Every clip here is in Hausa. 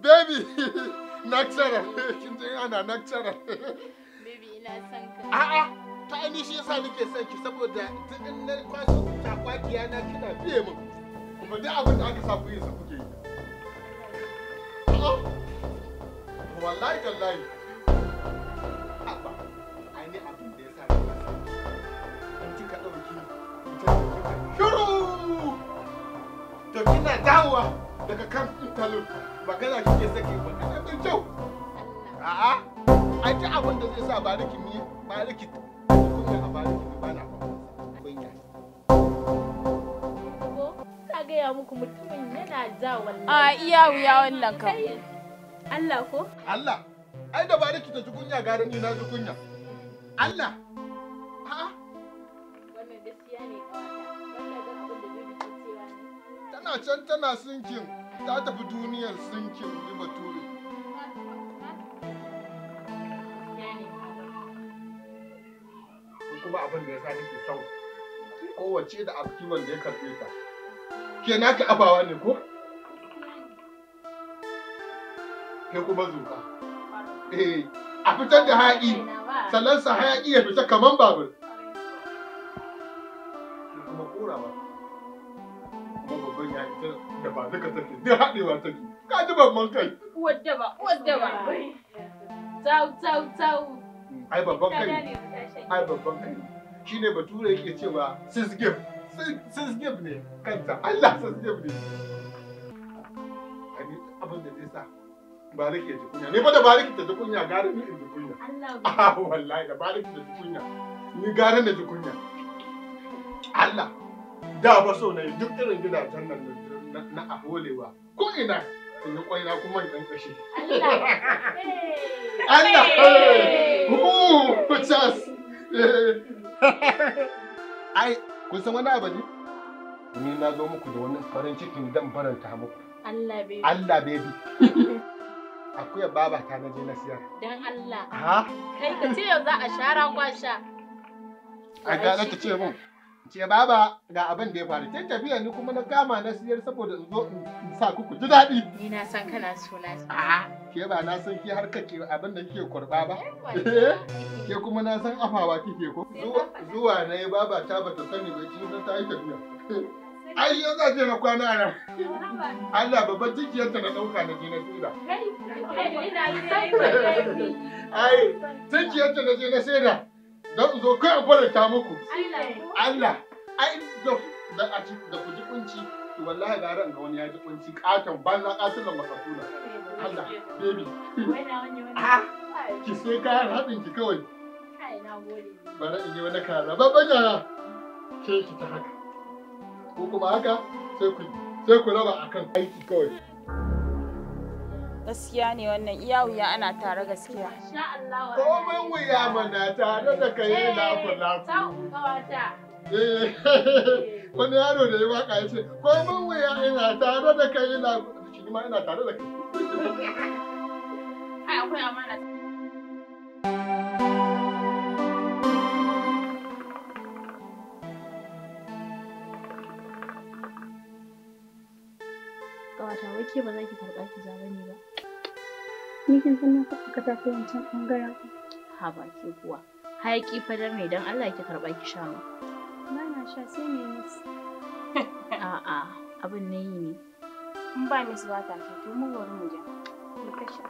baby natural kin je ana natural baby ina son ka a'a ta aini shi yasa nake son ki saboda duk in na kwaso takwakiya na kina biye min kuma duk abin da aka sa ku yi sa kuke yi wallahi tallahi haba aini abin da yasa ni in kika dauki shiru to kina dawowa daga kan talon magana kike sake magana da kyau a'a ai ta abin da zai sa bariki mi bariki kunya a bariki mi bana ba kunya ta gaya muku mutumin yana ja wallahi a iya wuya wannan kan Allah ko Allah ai da bariki ta ji kunya garin ni na ji Allah a'a tana can tana sinkin ta tafi duniyar sinkin ji bature kuma abin da ya sa nake son kowace da abkiwon wanda ya karfe ta ke na ka abawa ne ko ke kuma zuka eh a fitar da haƙi sannan sa haƙi ya fita kamar babur haka take duk haɗewa take ka ji babban kai wadda ba wadda ba tau tau tau ai babban kai ai babban kai shine bature yake cewa sis give sis give ne kanta Allah sis give ne ani abin da zai sa bariki ya ji kunya ne ba da bariki ta ji kunya gare ni in ji kunya Allah ah, wallahi da bariki ta ji kunya ni gari na ji kunya Allah da ba so na duk irin gidajen nan na a abolewa ko ina in yi kwaina kuma in kankashi. Allah! Allah! Kucas! Ai, kun san wani abu ne? Ni na zo muku da wani farin cikin dan faranta muku. Allah baby. Allah baby. Akuya baba ta na je na siyar. Dan Allah. Ha? Kai ka ce yau za a shara kwasha. A ga ta ce mun. ce baba ga abin da ya faru tun tafiya ni kuma na kama na siyar saboda in zo in sa ku ji daɗi ni na san kana so na a ke ba na san ke har kake abin da kike kurba ba eh, ke kuma na san afawa kike ko zuwa na yi baba ta bata sani ba kin san ta yi tafiya ai yau za ce na kwana na Allah babban ta na ɗauka na je tsira ai jikiyarta na je na tsira Don zo kai a faranta muku. Allah. Ai a ci da ku ji kunci to wallahi da ran ga wani ya ji kunci katon banza katulan makasula. Allah baby. Ah, ki sai kayan haɗin ki kawai. Bara in yi wani kaza babban yara. Ke ki ta haka. Ko kuma haka sai ku sai ku raba akan aiki kawai. gaskiya ne wannan iya wuya ana tare gaskiya komai wuya mana tare da kai eh, yana lafi. Eh, wani yaro da ya waka ya ce komai wuya ina tare da yi yana shi ma ina tare da kai yi akwai amana Kawata ba za ki karɓa ki zaba ne ba. Ni kin san na saka katako wancan bangaren. Ha baki kuwa. Hayaki fadar ne don Allah ki karɓa ki sha ma. Ba na sha sai ne mis. A'a abin na yi ne. In ba mis ba ta sha to mu bari mu je. Ki ka sha.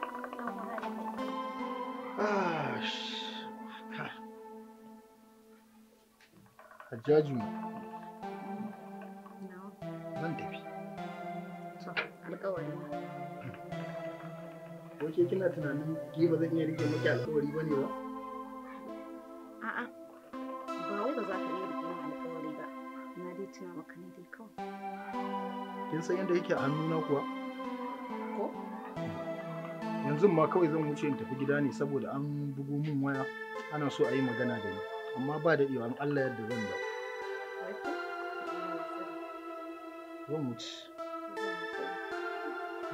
Hajjaju. Zan tafi. To, alƙawari. kina tunanin giba zan iya rike miki alƙawari bane ba a'a ba wai ba za ka iya rike alƙawari ba na dai tuna maka ne dai kawai kin san yadda yake a hannuna kuwa ko yanzu ma kawai zan wuce in tafi gida ne saboda an bugu min waya ana so a yi magana da ni amma ba da iya Allah yadda zan ba. zan wuce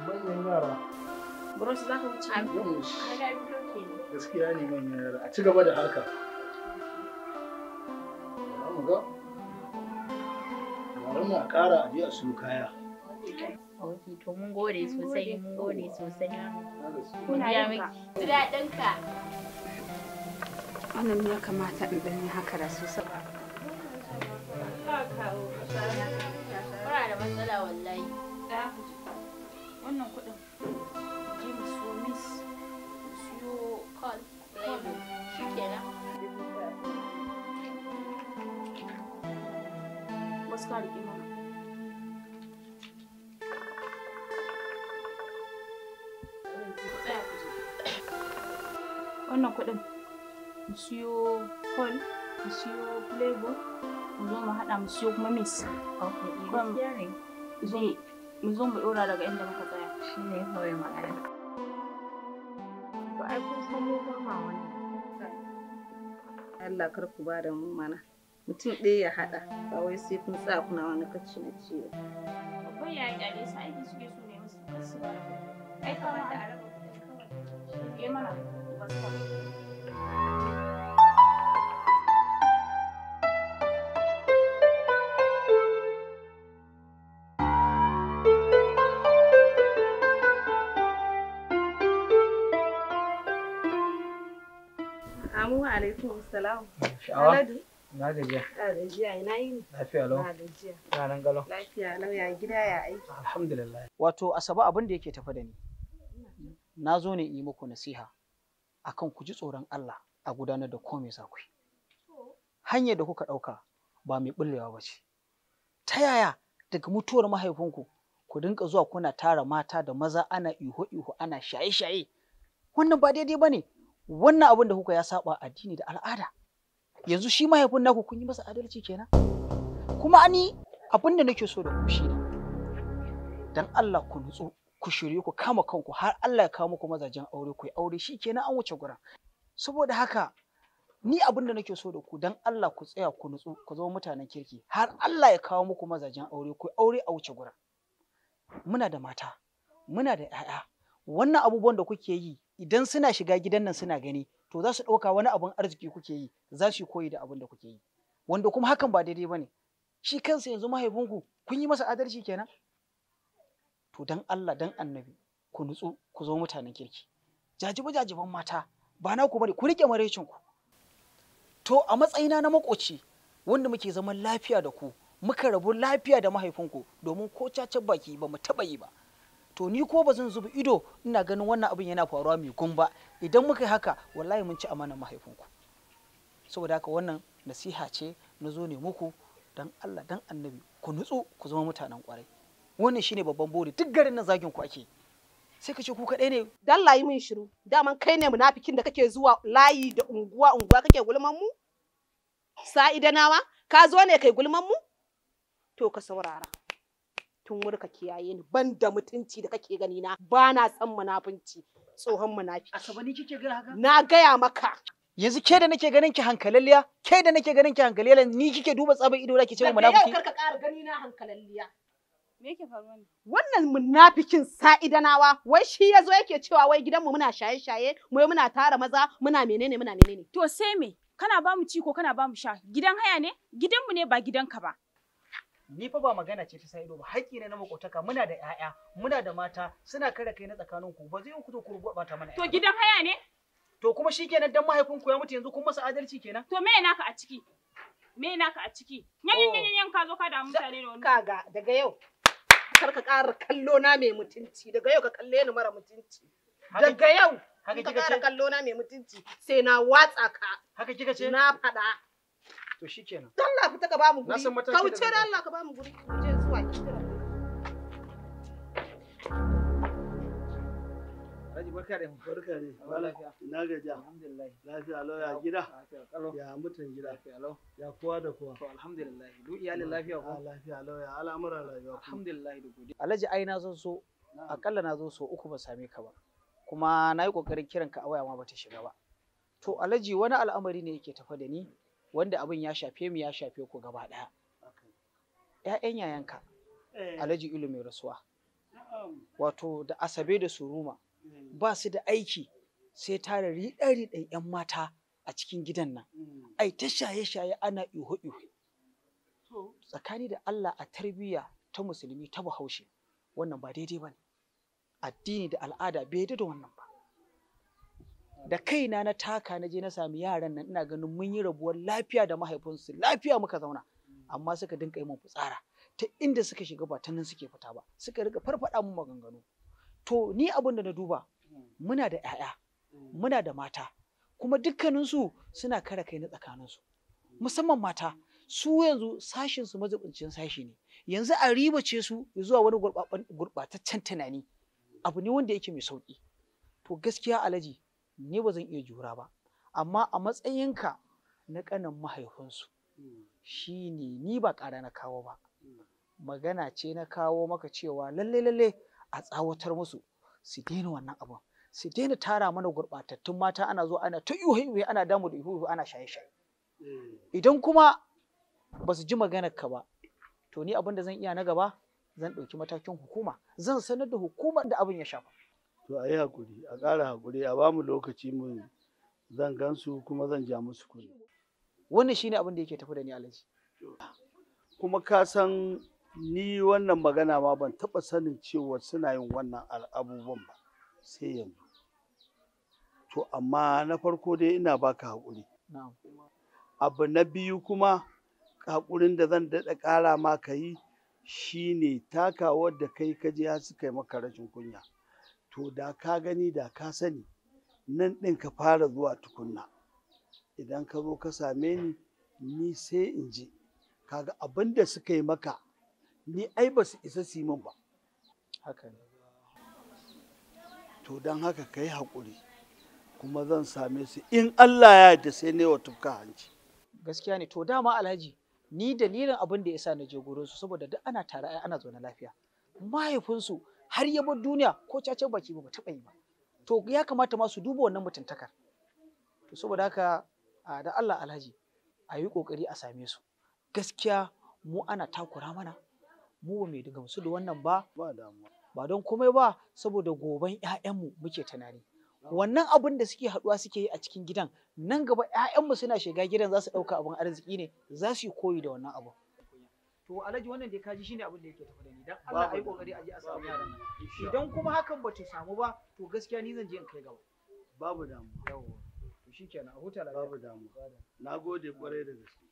manyan yara Bros za ka wuce. Gaskiya ne manyan yara. A ci gaba da haka. Za mu ga. Bari mu ƙara a je su kaya. Ok, to mun gode sosai, mun gode sosai. Kuna ya miki. Wannan ya kamata in ɗan haka da su saba. Kuna da matsala wallahi. Wannan kuɗin Wannan kuɗin mu siyo kol mu siyo flavor mu zo mu haɗa mu siyo kuma mix eh, mu zo mu ɗora daga inda muka tsaya shi ne kawai magana ai kun san mu ba ma Allah kar ku ba da mu mana mutum ɗaya ya haɗa ba wai sai kun tsaya kuna wani kacci na ci Babban yayi yi ɗale su aiki suke so ne musu kasu ba. Ai kamar da a raba kawai. Shi mana ba alaikum salam. Aladu. Na gajiya. Na gajiya ina Lafiya lau. Na gajiya. Na nan Lafiya lau ya gida ya aiki. Alhamdulillah. Wato Asaba abin da yake tafa da ni. Na zo ne yi muku nasiha akan ku ji tsoron Allah a gudanar da komai za ku yi. Hanyar da kuka ɗauka ba mai ɓullewa ba ce. Ta yaya daga mutuwar mahaifinku ku dinka zuwa kuna tara mata da maza ana iho-iho ana shaye-shaye. Wannan ba daidai ba ne. Wannan abin da kuka ya saba addini da al'ada. yanzu shi mahaifin naku kun yi masa adalci kenan kuma ani abin da nake so da ku shi ne dan Allah ku nutsu ku shirye ku kama kanku har Allah ya kawo muku mazajen aure ku yi aure shi kenan an wuce gura. saboda haka ni abin da nake so da ku dan Allah ku tsaya ku nutsu ku zama mutanen kirki har Allah ya kawo muku mazajen aure ku aure a wuce gura. muna da mata muna da 'ya'ya wannan abubuwan da kuke yi idan suna shiga gidan nan suna gani to za su ɗauka wani abin arziki kuke yi za su koyi da abin da kuke yi wanda kuma hakan ba daidai ba ne shi kansa yanzu mahaifinku kun yi masa adalci kenan to dan Allah dan annabi ku nutsu ku zo mutanen kirki jajiba jajiban mata ba na ku bane ku rike marecin ku to a matsayina na makoci wanda muke zaman lafiya da ku muka rabu lafiya da mahaifinku domin ko cacar baki ba mu taɓa yi ba to ni ko ba zan zuba ido ina ganin wannan abin yana faruwa mai gumba idan muka yi haka wallahi mun ci amanar mahaifinku saboda haka wannan nasiha ce na zo ne muku dan Allah dan annabi ku nutsu ku zama mutanen kwarai wannan shine babban buri duk garin nan zagin ku ake sai ka ce ku kaɗai ne dan layi mun shiru daman kai ne munafikin da kake zuwa layi da unguwa unguwa kake gulman mu sa'idanawa ka zo ne kai gulman mu to ka saurara tun wurka kiyaye ni ban da mutunci da kake gani na ba na san munafunci tsohon munafi asaba ni kike ga haka na gaya maka yanzu ke da nake ganin ki hankalalliya ke da nake ganin ki hankalalliya ni kike duba tsabar ido da ke cewa munafi kar karka ƙara gani na hankalalliya me yake faruwa ne wannan munafikin sa'idanawa wai shi yazo yake cewa wai gidanmu muna shaye-shaye mu muna tara maza muna menene muna menene to sai me kana ba mu ci ko kana ba mu sha gidan haya ne gidanmu ne ba gidanka ba ni fa ba magana ce ta sai ido ba haƙƙi ne na makotaka muna da ƴaƴa muna da mata suna kare kai na tsakanin ku ba zai ku zo ku gurɓata mana to gidan haya ne to kuma shikenan dan mahaifin ku ya mutu yanzu kun masa adalci kenan to me naka a ciki me naka a ciki nyanyan nyanyan yan ka zo ka da mutane da wani kaga daga yau kar ka ƙara kallo na mai mutunci daga yau ka kalle ni mara mutunci daga yau ka ƙara kallo na mai mutunci sai na watsa ka haka kika ce na faɗa To shikenan. Don Allah fita ka bamu guri. Na san mataki. Kauce da Allah ka bamu guri. Mu je zuwa kira. Alhaji barka da barka ne. Ba lafiya. Ina Alhamdulillah. Lafiya ya gida. Ya mutan gida. Lafiya Ya kowa da kowa. To alhamdulillah. iyalin lafiya ko? Ah, lafiya ya al'amuran rayuwa. Alhamdulillah da godiya. Alhaji ai na zo so akalla na zo so uku ba same ka ba. Kuma na yi ƙoƙarin kiran ka a waya ma bata shiga ba. To Alhaji wani al'amari ne yake tafa da ni wanda abin ya shafe mu ya shafe ku gaba ɗaya ‘ya'yan yayanka eh. alhaji ilu mai rasuwa wato da asabe da suruma eh. ba su da aiki sai tara riɗa-riɗan ‘yan mata a cikin gidan nan hmm. ai ta shaye-shaye ana iho-iho tsakani da Allah a tarbiyya ta musulmi ta bahaushe wannan ba daidai ba ne addini da al'ada bai da wannan ba da kaina na taka na je na sami yaran nan ina ganin mun yi rabuwar lafiya da mahaifinsu lafiya muka zauna amma suka dinka yi mun fitsara ta inda suka shiga ba ta nan suke fita ba suka riga farfada mun maganganu to ni abin da na duba muna da 'ya'ya muna da mata kuma dukkaninsu suna kare kai na tsakaninsu musamman mata su yanzu sashin su mazubincin sashi ne yanzu a ribace su zuwa wani gurbataccen tunani abu ne wanda yake mai sauki to gaskiya alaji ni ba zan iya jura ba amma a matsayinka na ƙanin mahaifinsu shi ne ni ba ƙara na kawo ba magana ce na kawo maka cewa lalle lalle a tsawatar musu su daina wannan abin su daina tara mana gurɓatattun mata ana zo ana ta ihu ana damu da ihu ana shaye shaye idan kuma ba su ji maganar ka ba to ni abin da zan iya na gaba zan ɗauki matakin hukuma zan sanar da hukumar da abin ya shafa to a yi haƙuri a ƙara hakuri, a ba mu lokaci mu zan gansu kuma zan ja musu kuɗi. wannan shine abin da yake tafi da ni alhaji kuma ka san ni wannan magana ma ban taɓa sanin cewa suna yin wannan al'abubuwan ba sai yanzu to amma na farko dai ina baka hakuri. abu na biyu kuma hakurin da zan daɗa ƙara ma ka yi shine takawar da kai kaje har suka yi maka rashin kunya to da ka gani da ka sani nan ɗin ka fara zuwa tukunna idan ka zo ka same ni ni sai in je kaga abin da suka yi maka ni ai ba su isa su ba haka to don haka ka yi haƙuri kuma zan same su in Allah ya yarda sai ne wa tufka hanci gaskiya ne to dama alhaji ni dalilin abin da ya sa na je gurin su saboda duk ana tare ana zaune lafiya mahaifinsu har ya bar duniya ko cace baki ba taɓa yi ba to ya kamata ma su duba wannan mutuntakar to saboda haka da Allah alhaji a yi ƙoƙari a same su gaskiya mu ana takura mana mu ba mai gamsu da wannan ba ba don komai ba saboda goban 'ya'yanmu muke tunani wannan abin da suke haɗuwa suke yi a cikin gidan nan gaba 'ya'yanmu suna shiga gidan za su ɗauka abin arziki ne za su yi koyi da wannan abu to alhaji wannan da kaji shine abin da yake tafi da ni dan Allah ayi kokari a je a samu yaran idan kuma hakan ba ta samu ba to gaskiya ni zan je in kai gaba babu damu yawa to shikenan a huta lafiya babu damu nagode kwarai da gaske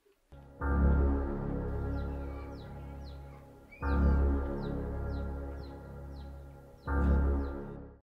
thank you